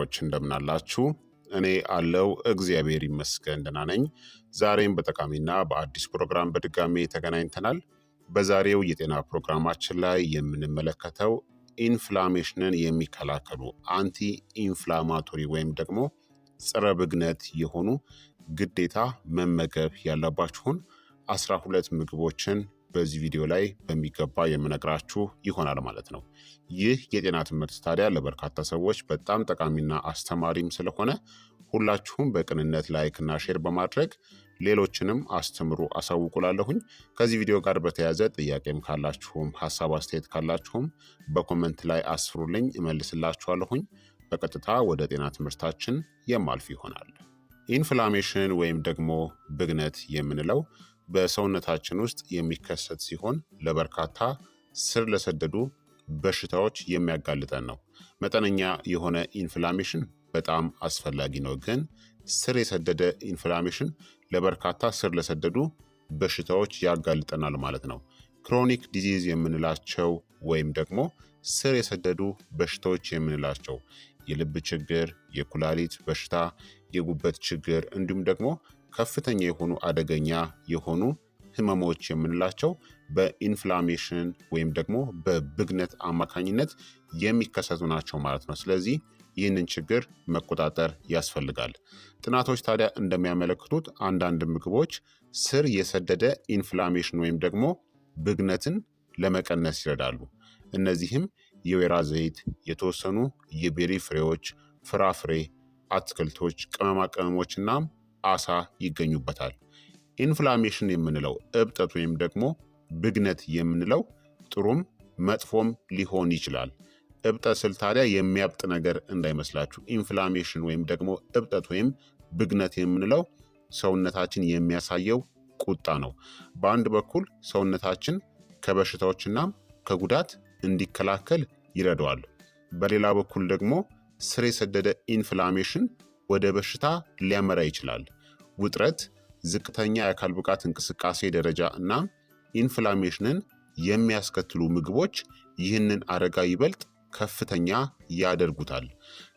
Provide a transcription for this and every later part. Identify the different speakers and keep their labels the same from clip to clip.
Speaker 1: ዎች እንደምናላችሁ እኔ አለው እግዚአብሔር ይመስገን ደህና ነኝ። ዛሬም በጠቃሚና በአዲስ ፕሮግራም በድጋሜ ተገናኝተናል። በዛሬው የጤና ፕሮግራማችን ላይ የምንመለከተው ኢንፍላሜሽንን የሚከላከሉ አንቲ ኢንፍላማቶሪ ወይም ደግሞ ጸረ ብግነት የሆኑ ግዴታ መመገብ ያለባችሁን አስራ ሁለት ምግቦችን በዚህ ቪዲዮ ላይ በሚገባ የምነግራችሁ ይሆናል ማለት ነው። ይህ የጤና ትምህርት ታዲያ ለበርካታ ሰዎች በጣም ጠቃሚና አስተማሪም ስለሆነ ሁላችሁም በቅንነት ላይክና ሼር በማድረግ ሌሎችንም አስተምሩ አሳውቁላለሁኝ። ከዚህ ቪዲዮ ጋር በተያያዘ ጥያቄም ካላችሁም ሀሳብ አስተያየት ካላችሁም በኮመንት ላይ አስፍሩልኝ፣ እመልስላችኋለሁኝ። በቀጥታ ወደ ጤና ትምህርታችን የማልፍ ይሆናል። ኢንፍላሜሽን ወይም ደግሞ ብግነት የምንለው በሰውነታችን ውስጥ የሚከሰት ሲሆን ለበርካታ ስር ለሰደዱ በሽታዎች የሚያጋልጠን ነው። መጠነኛ የሆነ ኢንፍላሜሽን በጣም አስፈላጊ ነው፣ ግን ስር የሰደደ ኢንፍላሜሽን ለበርካታ ስር ለሰደዱ በሽታዎች ያጋልጠናል ማለት ነው። ክሮኒክ ዲዚዝ የምንላቸው ወይም ደግሞ ስር የሰደዱ በሽታዎች የምንላቸው የልብ ችግር፣ የኩላሊት በሽታ፣ የጉበት ችግር እንዲሁም ደግሞ ከፍተኛ የሆኑ አደገኛ የሆኑ ህመሞች የምንላቸው በኢንፍላሜሽን ወይም ደግሞ በብግነት አማካኝነት የሚከሰቱ ናቸው ማለት ነው። ስለዚህ ይህንን ችግር መቆጣጠር ያስፈልጋል። ጥናቶች ታዲያ እንደሚያመለክቱት አንዳንድ ምግቦች ስር የሰደደ ኢንፍላሜሽን ወይም ደግሞ ብግነትን ለመቀነስ ይረዳሉ። እነዚህም የወይራ ዘይት፣ የተወሰኑ የቤሪ ፍሬዎች፣ ፍራፍሬ፣ አትክልቶች፣ ቅመማ ቅመሞች አሳ ይገኙበታል። ኢንፍላሜሽን የምንለው እብጠት ወይም ደግሞ ብግነት የምንለው ጥሩም መጥፎም ሊሆን ይችላል። እብጠት ስል ታዲያ የሚያብጥ ነገር እንዳይመስላችሁ። ኢንፍላሜሽን ወይም ደግሞ እብጠት ወይም ብግነት የምንለው ሰውነታችን የሚያሳየው ቁጣ ነው። በአንድ በኩል ሰውነታችን ከበሽታዎችና ከጉዳት እንዲከላከል ይረዳዋል። በሌላ በኩል ደግሞ ስር የሰደደ ኢንፍላሜሽን ወደ በሽታ ሊያመራ ይችላል። ውጥረት፣ ዝቅተኛ የአካል ብቃት እንቅስቃሴ ደረጃ እና ኢንፍላሜሽንን የሚያስከትሉ ምግቦች ይህንን አደጋ ይበልጥ ከፍተኛ ያደርጉታል።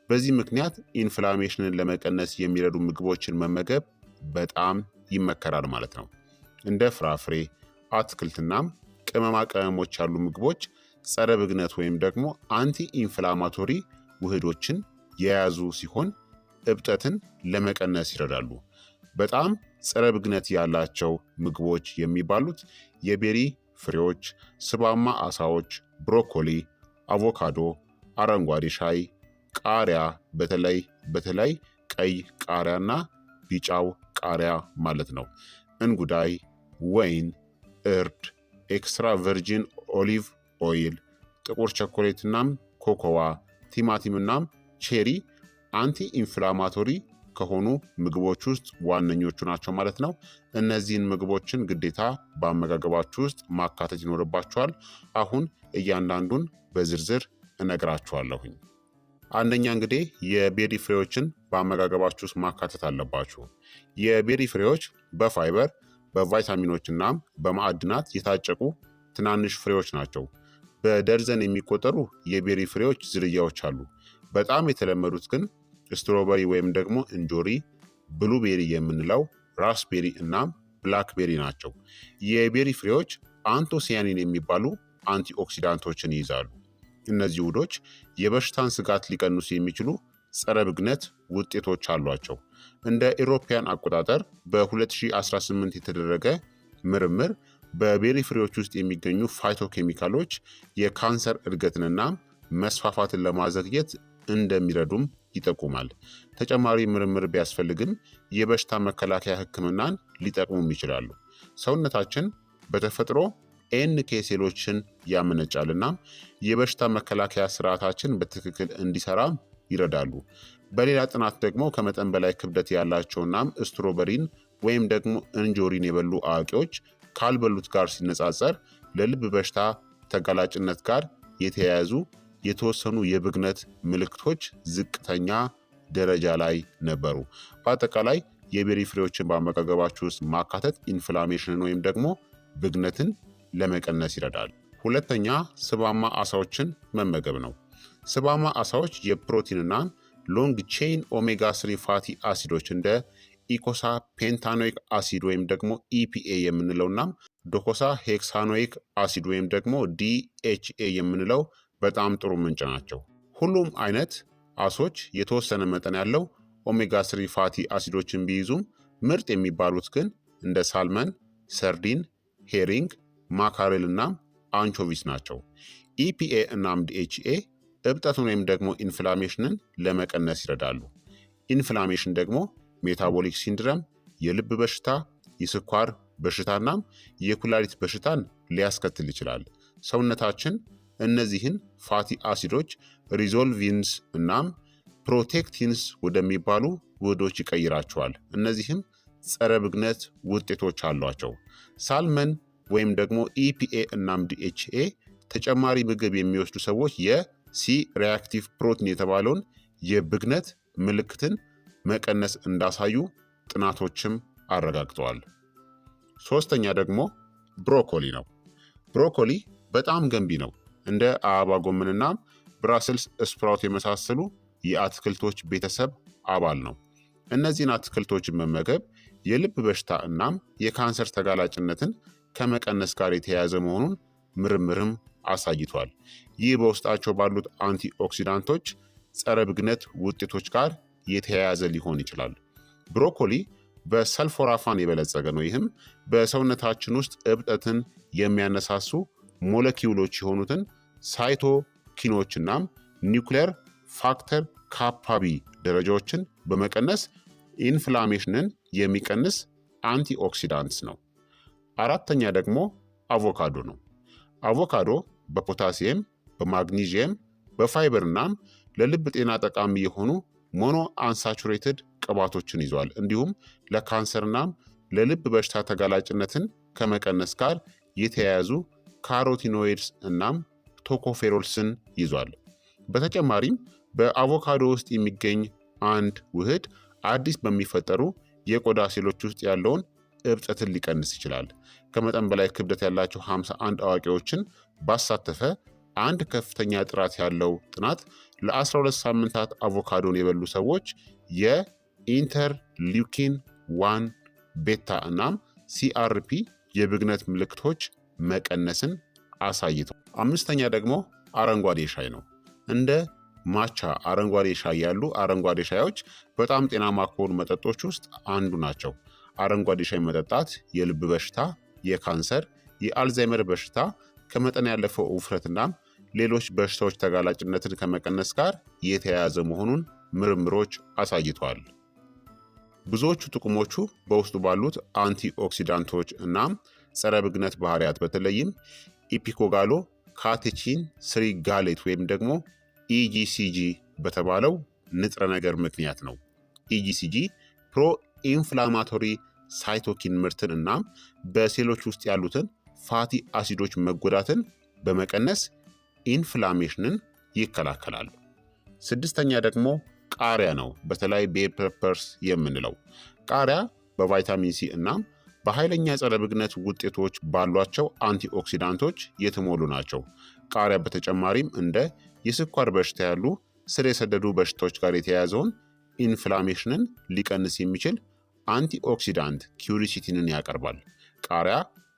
Speaker 1: በዚህ ምክንያት ኢንፍላሜሽንን ለመቀነስ የሚረዱ ምግቦችን መመገብ በጣም ይመከራል ማለት ነው። እንደ ፍራፍሬ፣ አትክልትናም ቅመማ ቅመሞች ያሉ ምግቦች ጸረ ብግነት ወይም ደግሞ አንቲ ኢንፍላማቶሪ ውህዶችን የያዙ ሲሆን እብጠትን ለመቀነስ ይረዳሉ። በጣም ጸረ ብግነት ያላቸው ምግቦች የሚባሉት የቤሪ ፍሬዎች፣ ስባማ አሳዎች፣ ብሮኮሊ፣ አቮካዶ፣ አረንጓዴ ሻይ፣ ቃሪያ በተለይ በተለይ ቀይ ቃሪያና ቢጫው ቃሪያ ማለት ነው፣ እንጉዳይ፣ ወይን፣ እርድ፣ ኤክስትራ ቨርጂን ኦሊቭ ኦይል፣ ጥቁር ቸኮሌትናም ኮኮዋ፣ ቲማቲምናም ቼሪ አንቲ ኢንፍላማቶሪ ከሆኑ ምግቦች ውስጥ ዋነኞቹ ናቸው ማለት ነው። እነዚህን ምግቦችን ግዴታ በአመጋገባችሁ ውስጥ ማካተት ይኖርባችኋል። አሁን እያንዳንዱን በዝርዝር እነግራችኋለሁኝ። አንደኛ እንግዲህ የቤሪ ፍሬዎችን በአመጋገባችሁ ውስጥ ማካተት አለባችሁ። የቤሪ ፍሬዎች በፋይበር በቫይታሚኖች እናም በማዕድናት የታጨቁ ትናንሽ ፍሬዎች ናቸው። በደርዘን የሚቆጠሩ የቤሪ ፍሬዎች ዝርያዎች አሉ። በጣም የተለመዱት ግን ስትሮበሪ ወይም ደግሞ እንጆሪ፣ ብሉቤሪ የምንለው ራስቤሪ እናም ብላክቤሪ ናቸው። የቤሪ ፍሬዎች አንቶሲያኒን የሚባሉ አንቲኦክሲዳንቶችን ይይዛሉ። እነዚህ ውዶች የበሽታን ስጋት ሊቀንሱ የሚችሉ ጸረ ብግነት ውጤቶች አሏቸው። እንደ ኢሮፓያን አቆጣጠር በ2018 የተደረገ ምርምር በቤሪ ፍሬዎች ውስጥ የሚገኙ ፋይቶኬሚካሎች የካንሰር እድገትንና መስፋፋትን ለማዘግየት እንደሚረዱም ይጠቁማል። ተጨማሪ ምርምር ቢያስፈልግም የበሽታ መከላከያ ህክምናን ሊጠቅሙም ይችላሉ። ሰውነታችን በተፈጥሮ ኤንኬ ሴሎችን ያመነጫል እናም የበሽታ መከላከያ ስርዓታችን በትክክል እንዲሰራ ይረዳሉ። በሌላ ጥናት ደግሞ ከመጠን በላይ ክብደት ያላቸው እናም ስትሮበሪን ወይም ደግሞ እንጆሪን የበሉ አዋቂዎች ካልበሉት ጋር ሲነጻጸር ለልብ በሽታ ተጋላጭነት ጋር የተያያዙ የተወሰኑ የብግነት ምልክቶች ዝቅተኛ ደረጃ ላይ ነበሩ። በአጠቃላይ የቤሪ ፍሬዎችን በአመጋገባችሁ ውስጥ ማካተት ኢንፍላሜሽንን ወይም ደግሞ ብግነትን ለመቀነስ ይረዳል። ሁለተኛ ስባማ አሳዎችን መመገብ ነው። ስባማ አሳዎች የፕሮቲንና ሎንግ ቼን ኦሜጋ ስሪ ፋቲ አሲዶች እንደ ኢኮሳ ፔንታኖይክ አሲድ ወይም ደግሞ ኢፒኤ የምንለው እናም ዶኮሳ ሄክሳኖይክ አሲድ ወይም ደግሞ ዲኤችኤ የምንለው በጣም ጥሩ ምንጭ ናቸው። ሁሉም አይነት አሶች የተወሰነ መጠን ያለው ኦሜጋ 3 ፋቲ አሲዶችን ቢይዙም ምርጥ የሚባሉት ግን እንደ ሳልመን፣ ሰርዲን፣ ሄሪንግ፣ ማካሬል እናም አንቾቪስ ናቸው። ኢፒኤ እናም ዲኤችኤ እብጠትን ወይም ደግሞ ኢንፍላሜሽንን ለመቀነስ ይረዳሉ። ኢንፍላሜሽን ደግሞ ሜታቦሊክ ሲንድረም፣ የልብ በሽታ፣ የስኳር በሽታናም የኩላሊት በሽታን ሊያስከትል ይችላል። ሰውነታችን እነዚህን ፋቲ አሲዶች ሪዞልቪንስ እናም ፕሮቴክቲንስ ወደሚባሉ ውህዶች ይቀይራቸዋል። እነዚህም ጸረ ብግነት ውጤቶች አሏቸው። ሳልመን ወይም ደግሞ ኢፒኤ e እናም ዲኤችኤ ተጨማሪ ምግብ የሚወስዱ ሰዎች የሲ ሪያክቲቭ ፕሮቲን የተባለውን የብግነት ምልክትን መቀነስ እንዳሳዩ ጥናቶችም አረጋግጠዋል። ሶስተኛ ደግሞ ብሮኮሊ ነው። ብሮኮሊ በጣም ገንቢ ነው። እንደ አበባ ጎመንና ብራስልስ ስፕራውት የመሳሰሉ የአትክልቶች ቤተሰብ አባል ነው። እነዚህን አትክልቶች መመገብ የልብ በሽታ እናም የካንሰር ተጋላጭነትን ከመቀነስ ጋር የተያያዘ መሆኑን ምርምርም አሳይቷል። ይህ በውስጣቸው ባሉት አንቲ ኦክሲዳንቶች ጸረ ብግነት ውጤቶች ጋር የተያያዘ ሊሆን ይችላል። ብሮኮሊ በሰልፎራፋን የበለጸገ ነው። ይህም በሰውነታችን ውስጥ እብጠትን የሚያነሳሱ ሞለኪውሎች የሆኑትን ሳይቶኪኖች እናም ኒውክሌር ፋክተር ካፓቢ ደረጃዎችን በመቀነስ ኢንፍላሜሽንን የሚቀንስ አንቲኦክሲዳንት ነው። አራተኛ ደግሞ አቮካዶ ነው። አቮካዶ በፖታሲየም፣ በማግኒዥየም፣ በፋይበር እናም ለልብ ጤና ጠቃሚ የሆኑ ሞኖ አንሳቹሬትድ ቅባቶችን ይዟል። እንዲሁም ለካንሰርናም ለልብ በሽታ ተጋላጭነትን ከመቀነስ ጋር የተያያዙ ካሮቲኖይድስ እናም ቶኮፌሮልስን ይዟል። በተጨማሪም በአቮካዶ ውስጥ የሚገኝ አንድ ውህድ አዲስ በሚፈጠሩ የቆዳ ሴሎች ውስጥ ያለውን እብጠትን ሊቀንስ ይችላል። ከመጠን በላይ ክብደት ያላቸው 51 አዋቂዎችን ባሳተፈ አንድ ከፍተኛ ጥራት ያለው ጥናት ለ12 ሳምንታት አቮካዶን የበሉ ሰዎች የኢንተርሊውኪን ዋን ቤታ እናም ሲአርፒ የብግነት ምልክቶች መቀነስን አሳይቷል። አምስተኛ ደግሞ አረንጓዴ ሻይ ነው። እንደ ማቻ አረንጓዴ ሻይ ያሉ አረንጓዴ ሻዮች በጣም ጤናማ ከሆኑ መጠጦች ውስጥ አንዱ ናቸው። አረንጓዴ ሻይ መጠጣት የልብ በሽታ፣ የካንሰር፣ የአልዛይመር በሽታ ከመጠን ያለፈው ውፍረትና ሌሎች በሽታዎች ተጋላጭነትን ከመቀነስ ጋር የተያያዘ መሆኑን ምርምሮች አሳይቷል። ብዙዎቹ ጥቅሞቹ በውስጡ ባሉት አንቲ ኦክሲዳንቶች እናም ጸረ ብግነት ባህሪያት በተለይም ኢፒኮጋሎ ካቴቺን ስሪ ጋሌት ወይም ደግሞ ኢጂሲጂ በተባለው ንጥረ ነገር ምክንያት ነው። ኢጂሲጂ ፕሮ ኢንፍላማቶሪ ሳይቶኪን ምርትን እናም በሴሎች ውስጥ ያሉትን ፋቲ አሲዶች መጎዳትን በመቀነስ ኢንፍላሜሽንን ይከላከላል። ስድስተኛ ደግሞ ቃሪያ ነው። በተለይ ቤፐርፐርስ የምንለው ቃሪያ በቫይታሚን ሲ እናም በኃይለኛ ጸረ ብግነት ውጤቶች ባሏቸው አንቲኦክሲዳንቶች የተሞሉ ናቸው። ቃሪያ በተጨማሪም እንደ የስኳር በሽታ ያሉ ስር የሰደዱ በሽታዎች ጋር የተያያዘውን ኢንፍላሜሽንን ሊቀንስ የሚችል አንቲኦክሲዳንት ኪሪሲቲንን ያቀርባል። ቃሪያ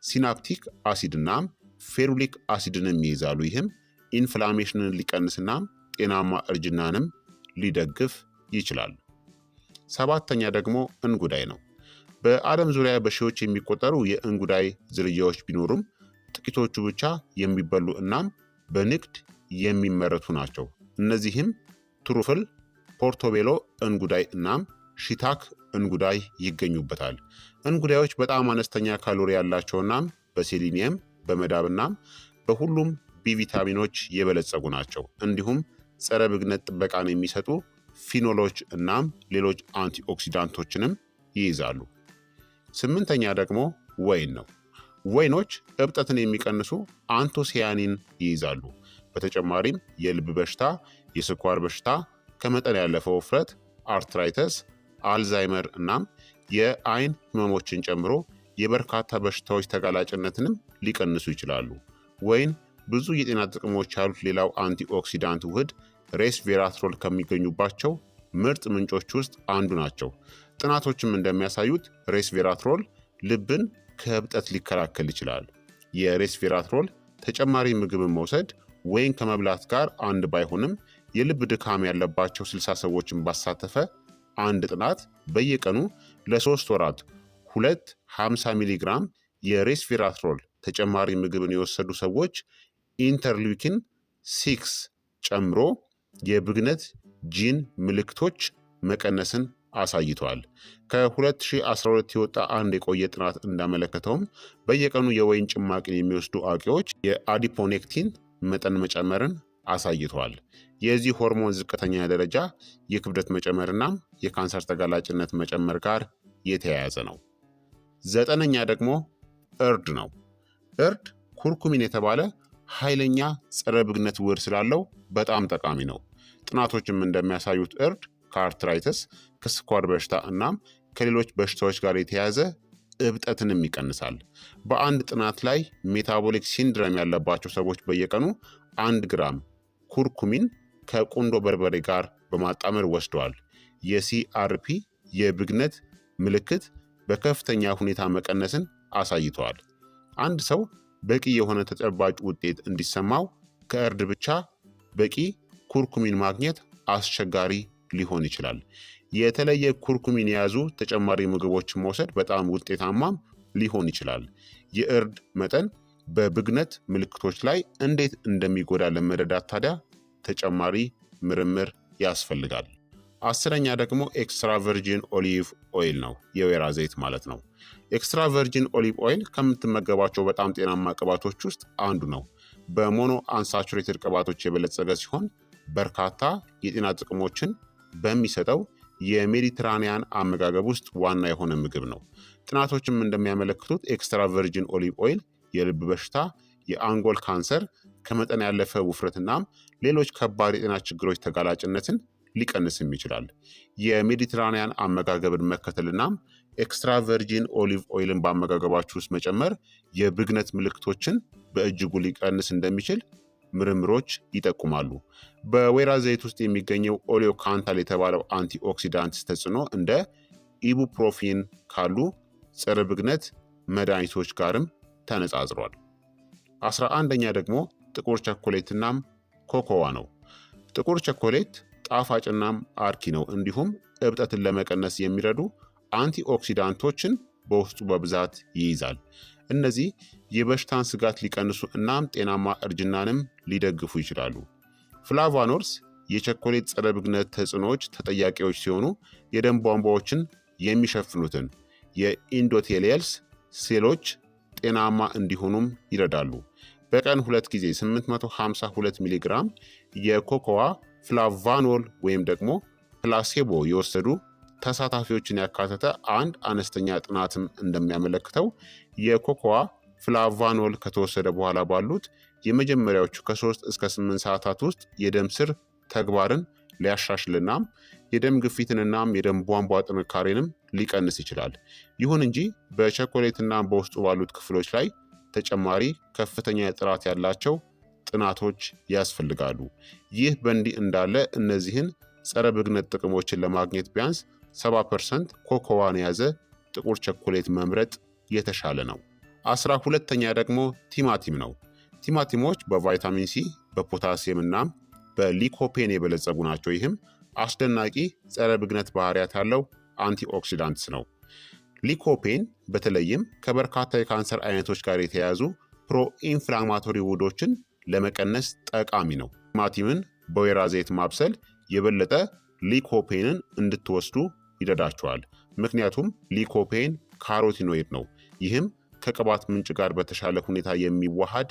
Speaker 1: ሲናፕቲክ አሲድናም ፌሩሊክ አሲድንም ይይዛሉ። ይህም ኢንፍላሜሽንን ሊቀንስናም ጤናማ እርጅናንም ሊደግፍ ይችላል። ሰባተኛ ደግሞ እንጉዳይ ነው። በዓለም ዙሪያ በሺዎች የሚቆጠሩ የእንጉዳይ ዝርያዎች ቢኖሩም ጥቂቶቹ ብቻ የሚበሉ እናም በንግድ የሚመረቱ ናቸው። እነዚህም ትሩፍል፣ ፖርቶቤሎ እንጉዳይ እናም ሺታክ እንጉዳይ ይገኙበታል። እንጉዳዮች በጣም አነስተኛ ካሎሪ ያላቸው እናም በሴሊኒየም በመዳብ እናም በሁሉም ቢቪታሚኖች የበለጸጉ ናቸው። እንዲሁም ጸረ ብግነት ጥበቃን የሚሰጡ ፊኖሎች እናም ሌሎች አንቲኦክሲዳንቶችንም ይይዛሉ። ስምንተኛ ደግሞ ወይን ነው። ወይኖች እብጠትን የሚቀንሱ አንቶሲያኒን ይይዛሉ። በተጨማሪም የልብ በሽታ፣ የስኳር በሽታ፣ ከመጠን ያለፈው ውፍረት፣ አርትራይተስ፣ አልዛይመር እናም የአይን ህመሞችን ጨምሮ የበርካታ በሽታዎች ተጋላጭነትንም ሊቀንሱ ይችላሉ። ወይን ብዙ የጤና ጥቅሞች ያሉት ሌላው አንቲኦክሲዳንት ውህድ ሬስቬራትሮል ከሚገኙባቸው ምርጥ ምንጮች ውስጥ አንዱ ናቸው። ጥናቶችም እንደሚያሳዩት ሬስቬራትሮል ልብን ከብጠት ሊከላከል ይችላል። የሬስቬራትሮል ተጨማሪ ምግብን መውሰድ ወይን ከመብላት ጋር አንድ ባይሆንም የልብ ድካም ያለባቸው 60 ሰዎችን ባሳተፈ አንድ ጥናት በየቀኑ ለሶስት ወራት ሁለት 50 ሚሊግራም የሬስቬራትሮል ተጨማሪ ምግብን የወሰዱ ሰዎች ኢንተርሊኪን ሲክስ ጨምሮ የብግነት ጂን ምልክቶች መቀነስን አሳይቷል። ከ2012 የወጣ አንድ የቆየ ጥናት እንዳመለከተውም በየቀኑ የወይን ጭማቂን የሚወስዱ አዋቂዎች የአዲፖኔክቲን መጠን መጨመርን አሳይቷል። የዚህ ሆርሞን ዝቅተኛ ደረጃ የክብደት መጨመርናም የካንሰር ተጋላጭነት መጨመር ጋር የተያያዘ ነው። ዘጠነኛ ደግሞ እርድ ነው። እርድ ኩርኩሚን የተባለ ኃይለኛ ጸረ ብግነት ውህድ ስላለው በጣም ጠቃሚ ነው። ጥናቶችም እንደሚያሳዩት እርድ ከአርትራይተስ ከስኳር በሽታ እናም ከሌሎች በሽታዎች ጋር የተያያዘ እብጠትንም ይቀንሳል። በአንድ ጥናት ላይ ሜታቦሊክ ሲንድረም ያለባቸው ሰዎች በየቀኑ አንድ ግራም ኩርኩሚን ከቁንዶ በርበሬ ጋር በማጣመር ወስደዋል። የሲአርፒ የብግነት ምልክት በከፍተኛ ሁኔታ መቀነስን አሳይተዋል። አንድ ሰው በቂ የሆነ ተጨባጭ ውጤት እንዲሰማው ከእርድ ብቻ በቂ ኩርኩሚን ማግኘት አስቸጋሪ ሊሆን ይችላል። የተለየ ኩርኩሚን የያዙ ተጨማሪ ምግቦችን መውሰድ በጣም ውጤታማም ሊሆን ይችላል። የእርድ መጠን በብግነት ምልክቶች ላይ እንዴት እንደሚጎዳ ለመረዳት ታዲያ ተጨማሪ ምርምር ያስፈልጋል። አስረኛ ደግሞ ኤክስትራ ቨርጂን ኦሊቭ ኦይል ነው፣ የወይራ ዘይት ማለት ነው። ኤክስትራ ቨርጂን ኦሊቭ ኦይል ከምትመገባቸው በጣም ጤናማ ቅባቶች ውስጥ አንዱ ነው። በሞኖ አንሳቹሬትድ ቅባቶች የበለጸገ ሲሆን በርካታ የጤና ጥቅሞችን በሚሰጠው የሜዲትራኒያን አመጋገብ ውስጥ ዋና የሆነ ምግብ ነው። ጥናቶችም እንደሚያመለክቱት ኤክስትራ ቨርጂን ኦሊቭ ኦይል የልብ በሽታ፣ የአንጎል ካንሰር፣ ከመጠን ያለፈ ውፍረትናም ሌሎች ከባድ የጤና ችግሮች ተጋላጭነትን ሊቀንስም ይችላል። የሜዲትራኒያን አመጋገብን መከተልናም ኤክስትራ ቨርጂን ኦሊቭ ኦይልን በአመጋገባችሁ ውስጥ መጨመር የብግነት ምልክቶችን በእጅጉ ሊቀንስ እንደሚችል ምርምሮች ይጠቁማሉ። በወይራ ዘይት ውስጥ የሚገኘው ካንታል የተባለው አንቲኦክሲዳንት ተጽዕኖ እንደ ኢቡፕሮፊን ካሉ ጸረ ብግነት መድኃኒቶች ጋርም ተነጻጽሯል። አስራ አንደኛ ደግሞ ጥቁር ቸኮሌትናም ኮኮዋ ነው። ጥቁር ቸኮሌት ጣፋጭናም አርኪ ነው። እንዲሁም እብጠትን ለመቀነስ የሚረዱ አንቲኦክሲዳንቶችን በውስጡ በብዛት ይይዛል። እነዚህ የበሽታን ስጋት ሊቀንሱ እናም ጤናማ እርጅናንም ሊደግፉ ይችላሉ። ፍላቫኖርስ የቸኮሌት ጸረ ብግነት ተጽዕኖዎች ተጠያቂዎች ሲሆኑ የደም ቧንቧዎችን የሚሸፍኑትን የኢንዶቴሌልስ ሴሎች ጤናማ እንዲሆኑም ይረዳሉ። በቀን ሁለት ጊዜ 852 ሚሊግራም የኮኮዋ ፍላቫኖል ወይም ደግሞ ፕላሴቦ የወሰዱ ተሳታፊዎችን ያካተተ አንድ አነስተኛ ጥናትም እንደሚያመለክተው የኮኮዋ ፍላቫኖል ከተወሰደ በኋላ ባሉት የመጀመሪያዎቹ ከሶስት እስከ ስምንት ሰዓታት ውስጥ የደም ስር ተግባርን ሊያሻሽልናም የደም ግፊትንናም የደም ቧንቧ ጥንካሬንም ሊቀንስ ይችላል። ይሁን እንጂ በቸኮሌትና በውስጡ ባሉት ክፍሎች ላይ ተጨማሪ ከፍተኛ ጥራት ያላቸው ጥናቶች ያስፈልጋሉ። ይህ በእንዲህ እንዳለ እነዚህን ጸረ ብግነት ጥቅሞችን ለማግኘት ቢያንስ 70 ፐርሰንት ኮኮዋን የያዘ ጥቁር ቸኮሌት መምረጥ የተሻለ ነው። አስራ ሁለተኛ ደግሞ ቲማቲም ነው። ቲማቲሞች በቫይታሚን ሲ በፖታሲየም እና በሊኮፔን የበለጸጉ ናቸው። ይህም አስደናቂ ጸረ ብግነት ባህሪያት ያለው አንቲኦክሲዳንትስ ነው። ሊኮፔን በተለይም ከበርካታ የካንሰር አይነቶች ጋር የተያያዙ ፕሮኢንፍላማቶሪ ውህዶችን ለመቀነስ ጠቃሚ ነው። ቲማቲምን በወይራ ዘይት ማብሰል የበለጠ ሊኮፔንን እንድትወስዱ ይደዳቸዋል ምክንያቱም ሊኮፔን ካሮቲኖይድ ነው ይህም ከቅባት ምንጭ ጋር በተሻለ ሁኔታ የሚዋሃድ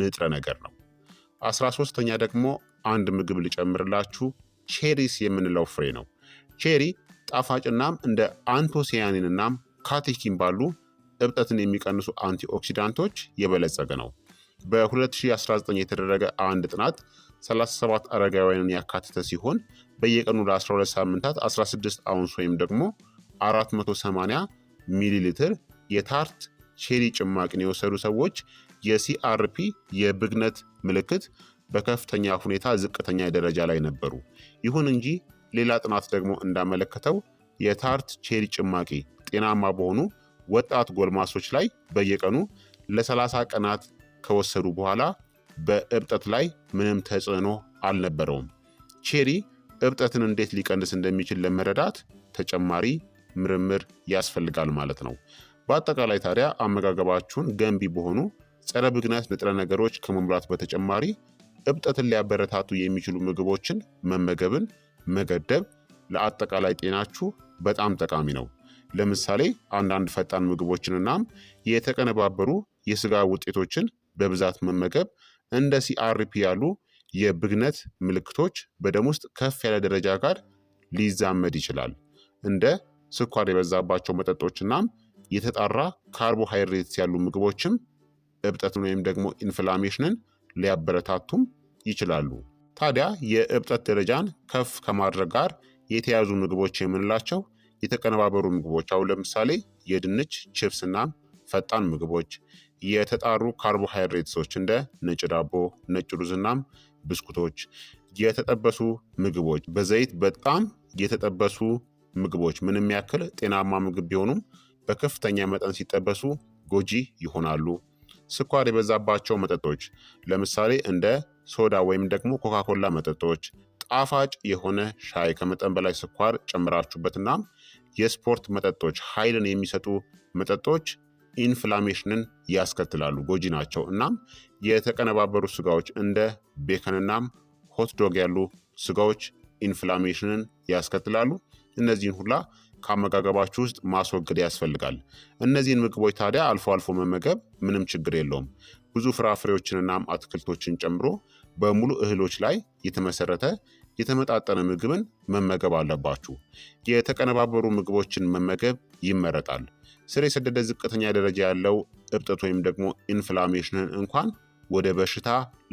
Speaker 1: ንጥረ ነገር ነው። አስራ ሶስተኛ ደግሞ አንድ ምግብ ልጨምርላችሁ፣ ቼሪስ የምንለው ፍሬ ነው። ቼሪ ጣፋጭናም እንደ አንቶሲያኒንናም ካቴኪን ባሉ እብጠትን የሚቀንሱ አንቲኦክሲዳንቶች የበለጸገ ነው። በ2019 የተደረገ አንድ ጥናት 37 አረጋውያንን ያካተተ ሲሆን በየቀኑ ለ12 ሳምንታት 16 አውንስ ወይም ደግሞ 480 ሚሊ ሊትር የታርት ቼሪ ጭማቂን የወሰዱ ሰዎች የሲአርፒ የብግነት ምልክት በከፍተኛ ሁኔታ ዝቅተኛ ደረጃ ላይ ነበሩ። ይሁን እንጂ ሌላ ጥናት ደግሞ እንዳመለከተው የታርት ቼሪ ጭማቂ ጤናማ በሆኑ ወጣት ጎልማሶች ላይ በየቀኑ ለ30 ቀናት ከወሰዱ በኋላ በእብጠት ላይ ምንም ተጽዕኖ አልነበረውም። ቼሪ እብጠትን እንዴት ሊቀንስ እንደሚችል ለመረዳት ተጨማሪ ምርምር ያስፈልጋል ማለት ነው። በአጠቃላይ ታዲያ አመጋገባችሁን ገንቢ በሆኑ ጸረ ብግነት ንጥረ ነገሮች ከመሙላት በተጨማሪ እብጠትን ሊያበረታቱ የሚችሉ ምግቦችን መመገብን መገደብ ለአጠቃላይ ጤናችሁ በጣም ጠቃሚ ነው። ለምሳሌ አንዳንድ ፈጣን ምግቦችንናም የተቀነባበሩ የስጋ ውጤቶችን በብዛት መመገብ እንደ ሲአርፒ ያሉ የብግነት ምልክቶች በደም ውስጥ ከፍ ያለ ደረጃ ጋር ሊዛመድ ይችላል። እንደ ስኳር የበዛባቸው መጠጦችናም የተጣራ ካርቦሃይድሬትስ ያሉ ምግቦችም እብጠትን ወይም ደግሞ ኢንፍላሜሽንን ሊያበረታቱም ይችላሉ። ታዲያ የእብጠት ደረጃን ከፍ ከማድረግ ጋር የተያዙ ምግቦች የምንላቸው የተቀነባበሩ ምግቦች አሁን ለምሳሌ የድንች ችፕስ እና ፈጣን ምግቦች፣ የተጣሩ ካርቦሃይድሬትሶች እንደ ነጭ ዳቦ፣ ነጭ ሩዝ እናም ብስኩቶች፣ የተጠበሱ ምግቦች፣ በዘይት በጣም የተጠበሱ ምግቦች ምንም ያክል ጤናማ ምግብ ቢሆኑም በከፍተኛ መጠን ሲጠበሱ ጎጂ ይሆናሉ። ስኳር የበዛባቸው መጠጦች ለምሳሌ እንደ ሶዳ ወይም ደግሞ ኮካኮላ መጠጦች፣ ጣፋጭ የሆነ ሻይ ከመጠን በላይ ስኳር ጨምራችሁበትና የስፖርት መጠጦች፣ ኃይልን የሚሰጡ መጠጦች ኢንፍላሜሽንን ያስከትላሉ፣ ጎጂ ናቸው። እናም የተቀነባበሩ ስጋዎች እንደ ቤከንናም ሆትዶግ ያሉ ስጋዎች ኢንፍላሜሽንን ያስከትላሉ። እነዚህን ሁላ ከአመጋገባችሁ ውስጥ ማስወገድ ያስፈልጋል። እነዚህን ምግቦች ታዲያ አልፎ አልፎ መመገብ ምንም ችግር የለውም። ብዙ ፍራፍሬዎችንና አትክልቶችን ጨምሮ በሙሉ እህሎች ላይ የተመሰረተ የተመጣጠነ ምግብን መመገብ አለባችሁ። የተቀነባበሩ ምግቦችን መመገብ ይመረጣል። ስር የሰደደ ዝቅተኛ ደረጃ ያለው እብጠት ወይም ደግሞ ኢንፍላሜሽንን እንኳን ወደ በሽታ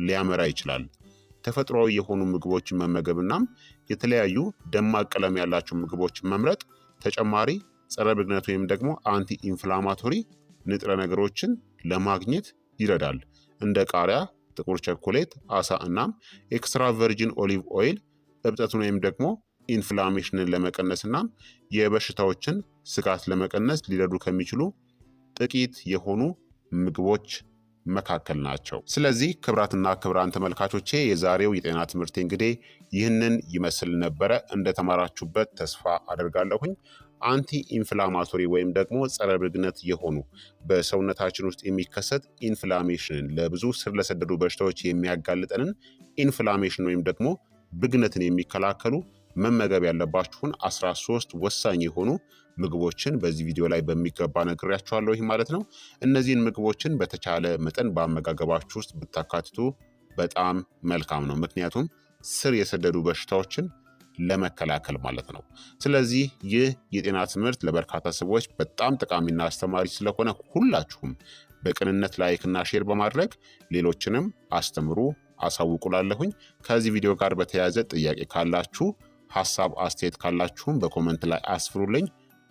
Speaker 1: ሊያመራ ይችላል። ተፈጥሯዊ የሆኑ ምግቦችን መመገብ እናም የተለያዩ ደማቅ ቀለም ያላቸው ምግቦችን መምረጥ ተጨማሪ ጸረ ብግነት ወይም ደግሞ አንቲ ኢንፍላማቶሪ ንጥረ ነገሮችን ለማግኘት ይረዳል። እንደ ቃሪያ፣ ጥቁር ቸኮሌት፣ አሳ እናም ኤክስትራ ቨርጂን ኦሊቭ ኦይል እብጠቱን ወይም ደግሞ ኢንፍላሜሽንን ለመቀነስ እናም የበሽታዎችን ስጋት ለመቀነስ ሊረዱ ከሚችሉ ጥቂት የሆኑ ምግቦች መካከል ናቸው። ስለዚህ ክብራትና ክብራን ተመልካቾቼ የዛሬው የጤና ትምህርት እንግዲህ ይህንን ይመስል ነበረ። እንደተማራችሁበት ተስፋ አደርጋለሁኝ። አንቲ ኢንፍላማቶሪ ወይም ደግሞ ጸረ ብግነት የሆኑ በሰውነታችን ውስጥ የሚከሰት ኢንፍላሜሽንን ለብዙ ስር ለሰደዱ በሽታዎች የሚያጋልጠንን ኢንፍላሜሽን ወይም ደግሞ ብግነትን የሚከላከሉ መመገብ ያለባችሁን 13 ወሳኝ የሆኑ ምግቦችን በዚህ ቪዲዮ ላይ በሚገባ ነግሬያችኋለሁ። ማለት ነው እነዚህን ምግቦችን በተቻለ መጠን በአመጋገባችሁ ውስጥ ብታካትቱ በጣም መልካም ነው። ምክንያቱም ስር የሰደዱ በሽታዎችን ለመከላከል ማለት ነው። ስለዚህ ይህ የጤና ትምህርት ለበርካታ ሰዎች በጣም ጠቃሚና አስተማሪ ስለሆነ ሁላችሁም በቅንነት ላይክና ሼር በማድረግ ሌሎችንም አስተምሩ፣ አሳውቁላለሁኝ። ከዚህ ቪዲዮ ጋር በተያያዘ ጥያቄ ካላችሁ ሀሳብ አስተያየት ካላችሁም በኮመንት ላይ አስፍሩልኝ።